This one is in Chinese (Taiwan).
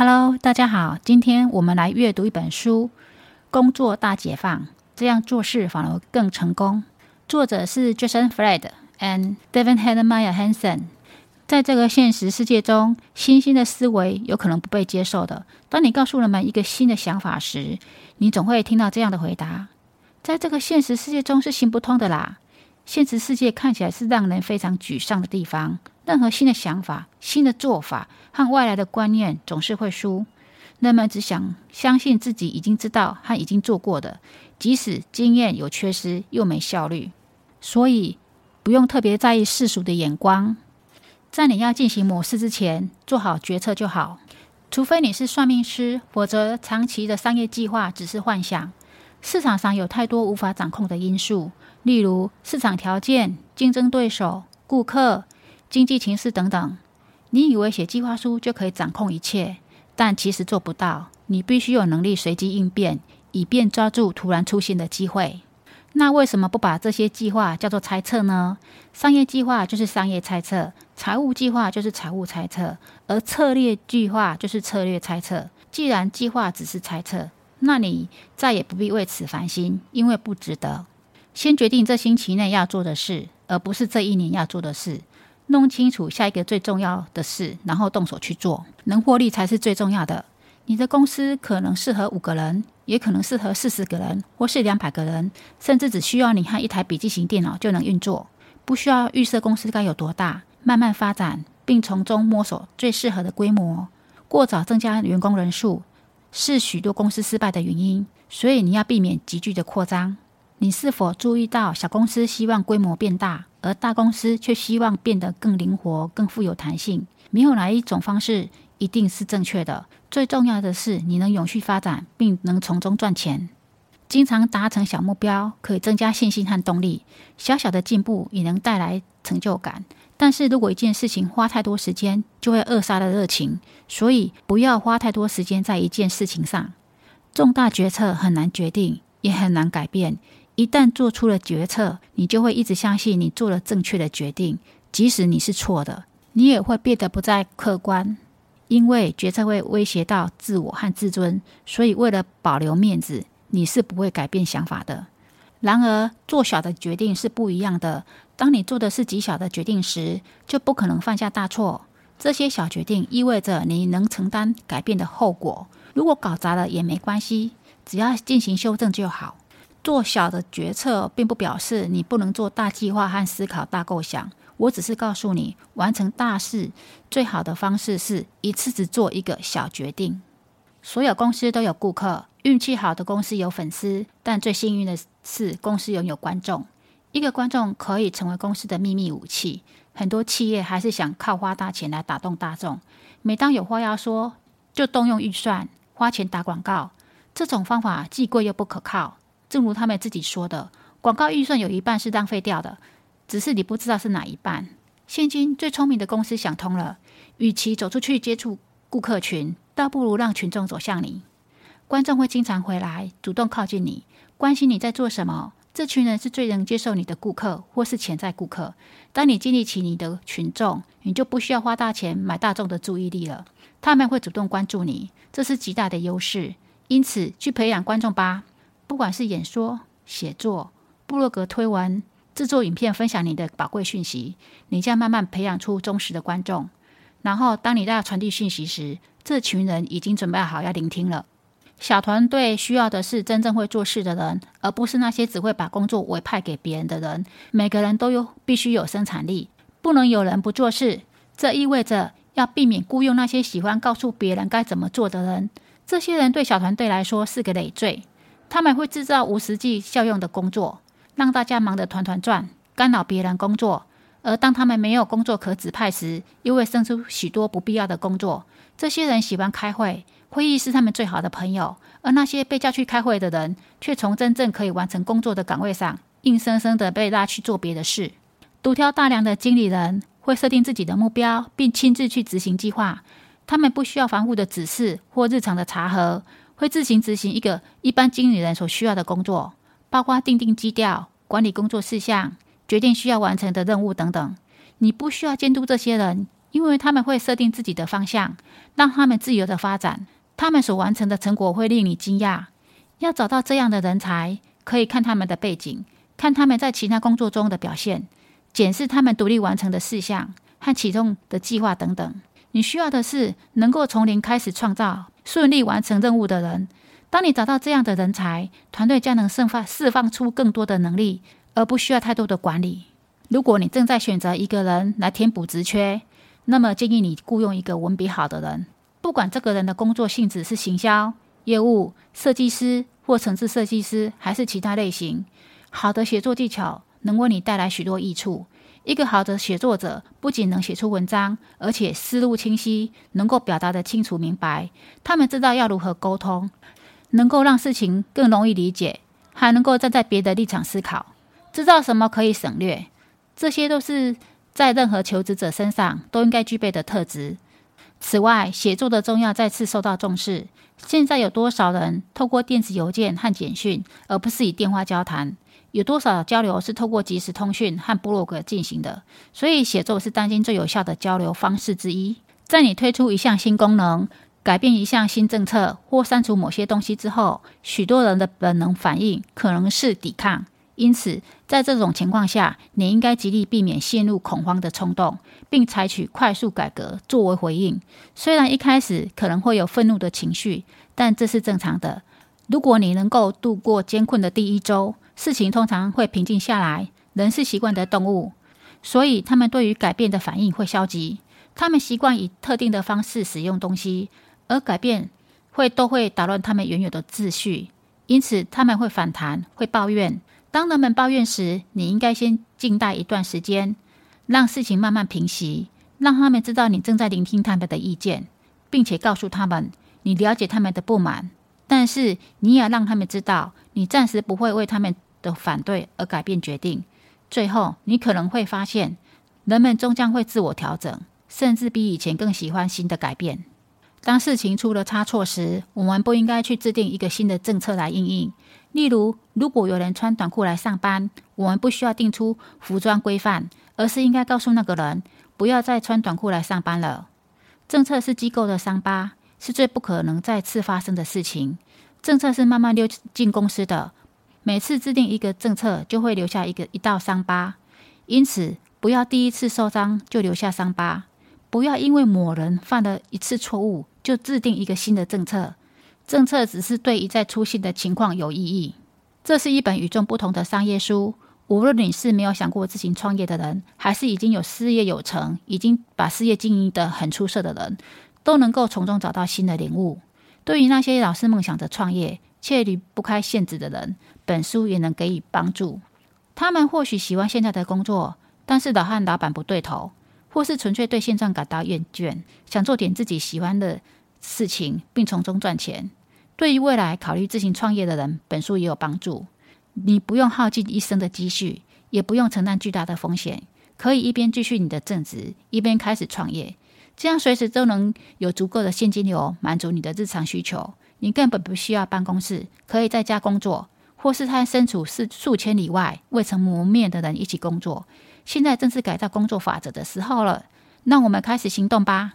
Hello，大家好，今天我們來閱讀一本書《工作大解放》，這樣做事反而更成功。作者是 Jason Fried and David Heinemeier Hansson。在這個現實世界中，新興的思維有可能不被接受的。當你告訴人們一個新的想法時，你總會聽到這樣的回答：“在這個現實世界中是行不通的啦！”現實世界看起來是讓人非常沮喪的地方。任何新的想法、新的做法和外來的觀念總是會輸。人們只想相信自己已經知道和已經做過的，即使經驗有缺失又沒效率。所以不用特別在意世俗的眼光。在你要進行某事之前，做好決策就好。除非你是算命師，否則長期的商業計劃只是幻想。市場上有太多無法掌控的因素，例如市場條件、競爭對手、顧客。經濟情勢等等，你以為寫計劃書就可以掌控一切，但其實做不到。你必須有能力隨機應變，以便抓住突然出現的機會。那為什麼不把這些計劃叫做猜測呢？商業計劃就是商業猜測，財務計劃就是財務猜測，而策略計劃就是策略猜測。既然計劃只是猜測，那你再也不必為此煩心，因為不值得。先決定這星期內要做的事，而不是這一年要做的事。弄清楚下一個最重要的事，然後動手去做。能獲利才是最重要的。你的公司可能適合五個人，也可能適合四十個人，或是兩百個人，甚至只需要你和一台筆記型電腦就能運作。不需要預設公司該有多大，慢慢發展，並從中摸索最適合的規模。過早增加員工人數是許多公司失敗的原因，所以你要避免急劇的擴張。你是否注意到小公司希望規模變大？而大公司卻希望變得更靈活、更富有彈性。沒有哪一種方式一定是正確的。最重要的是，你能永續發展，並能從中賺錢。經常達成小目標，可以增加信心和動力。小小的進步也能帶來成就感。但是如果一件事情花太多時間，就會扼殺了熱情。所以，不要花太多時間在一件事情上。重大決策很難決定，也很難改變。一旦做出了決策，你就會一直相信你做了正確的決定，即使你是錯的，你也會變得不再客觀，因為決策會威脅到自我和自尊，所以為了保留面子，你是不會改變想法的。然而，做小的決定是不一樣的，當你做的是極小的決定時，就不可能犯下大錯。這些小決定意味着你能承擔改變的後果，如果搞砸了也沒關係，只要進行修正就好。做小的決策，並不表示你不能做大計劃和思考大構想。我只是告訴你，完成大事最好的方式是一次只做一個小決定。所有公司都有顧客，運氣好的公司有粉絲，但最幸運的是，公司擁有觀眾。一個觀眾可以成為公司的秘密武器。很多企業還是想靠花大錢來打動大眾。每當有話要說，就動用預算，花錢打廣告。這種方法既貴又不可靠。正如他們自己說的，廣告預算有一半是浪費掉的，只是你不知道是哪一半。現今最聰明的公司想通了，與其走出去接觸顧客群，倒不如讓群眾走向你。觀眾會經常回來，主動靠近你，關心你在做什麼。這群人是最能接受你的顧客，或是潛在顧客。當你建立起你的群眾，你就不需要花大錢買大眾的注意力了。他們會主動關注你，這是極大的優勢。因此，去培養觀眾吧。不管是演說、寫作、部落格推文、製作影片，分享你的寶貴訊息，你將慢慢培養出忠實的觀眾。然後，當你在傳遞訊息時，這群人已經準備好要聆聽了。小團隊需要的是真正會做事的人，而不是那些只會把工作委派給別人的人。每個人都有必須有生產力，不能有人不做事。這意味着要避免僱傭那些喜歡告訴別人該怎麼做的人。這些人對小團隊來說是個累贅。他們會製造無實際效用的工作，讓大家忙得團團轉，干擾別人工作。而當他們沒有工作可指派時，又會生出許多不必要的工作。這些人喜歡開會，會議是他們最好的朋友。而那些被叫去開會的人，卻從真正可以完成工作的崗位上，硬生生的被拉去做別的事。獨挑大梁的經理人會設定自己的目標，並親自去執行計劃。他們不需要繁複的指示或日常的查核。會自行執行一個一般經理人所需要的工作，包括訂定基調、管理工作事項、決定需要完成的任務等等。你不需要監督這些人，因為他們會設定自己的方向，讓他們自由的發展。他們所完成的成果會令你驚訝。要找到這樣的人才，可以看他們的背景，看他們在其他工作中的表現，檢視他們獨立完成的事項和啟動的計劃等等。你需要的是能夠從零開始創造、順利完成任務的人。當你找到這樣的人才，團隊將能釋放釋放出更多的能力，而不需要太多的管理。如果你正在選擇一個人來填補職缺，那麼建議你雇傭一個文筆好的人。不管這個人的工作性質是行銷、業務、設計師或城市設計師，還是其他類型，好的寫作技巧能為你帶來許多益處。一個好的寫作者不僅能寫出文章，而且思路清晰，能夠表達得清楚明白。他們知道要如何溝通，能夠讓事情更容易理解，還能夠站在別的立場思考，知道什麼可以省略。這些都是在任何求職者身上都應該具備的特質。此外，寫作的重要再次受到重視。現在有多少人透過電子郵件和簡訊，而不是以電話交談？有多少交流是透過即時通訊和部落格進行的？所以，寫作是當今最有效的交流方式之一。在你推出一項新功能、改變一項新政策或刪除某些東西之後，許多人的本能反應可能是抵抗。因此，在這種情況下，你應該極力避免陷入恐慌的衝動，並採取快速改革作為回應。雖然一開始可能會有憤怒的情緒，但這是正常的。如果你能夠度過艱困的第一周，事情通常會平靜下來，人是習慣的動物，所以他們對於改變的反應會消極。他們習慣以特定的方式使用東西，而改變會都會打亂他們原有的秩序，因此他們會反彈，會抱怨。當人們抱怨時，你應該先靜待一段時間，讓事情慢慢平息，讓他們知道你正在聆聽他們的意見，並且告訴他們你了解他們的不滿，但是你也讓他們知道你暫時不會為他們，的反對而改變決定，最後你可能會發現，人們終將會自我調整，甚至比以前更喜歡新的改變。當事情出了差錯時，我們不應該去制定一個新的政策來因應，例如，如果有人穿短褲來上班，我們不需要定出服裝規範，而是應該告訴那個人不要再穿短褲來上班了。政策是機構的傷疤，是最不可能再次發生的事情。政策是慢慢溜進公司的。每次制定一個政策，就會留下一個一道傷疤。因此，不要第一次受傷就留下傷疤，不要因為某人犯了一次錯誤就制定一個新的政策。政策只是對一再出現的情況有意義。這是一本與眾不同的商業書，無論你是沒有想過自行創業的人，還是已經有事業有成、已經把事業經營得很出色的人，都能夠從中找到新的領悟。對於那些老是夢想着創業，切離不開現職的人，本書也能給予幫助。他們或許喜歡現在的工作，但是老漢老板不對頭，或是純粹對現狀感到厭倦，想做點自己喜歡的事情，並從中賺錢。對於未來考慮自行創業的人，本書也有幫助。你不用耗盡一生的積蓄，也不用承擔巨大的風險，可以一邊繼續你的正職，一邊開始創業，這樣隨時都能有足夠的現金流滿足你的日常需求。你根本不需要辦公室，可以在家工作，或是和身處數數千里外，未曾謀面的人一起工作。現在正是改造工作法則的時候了，讓我們開始行動吧。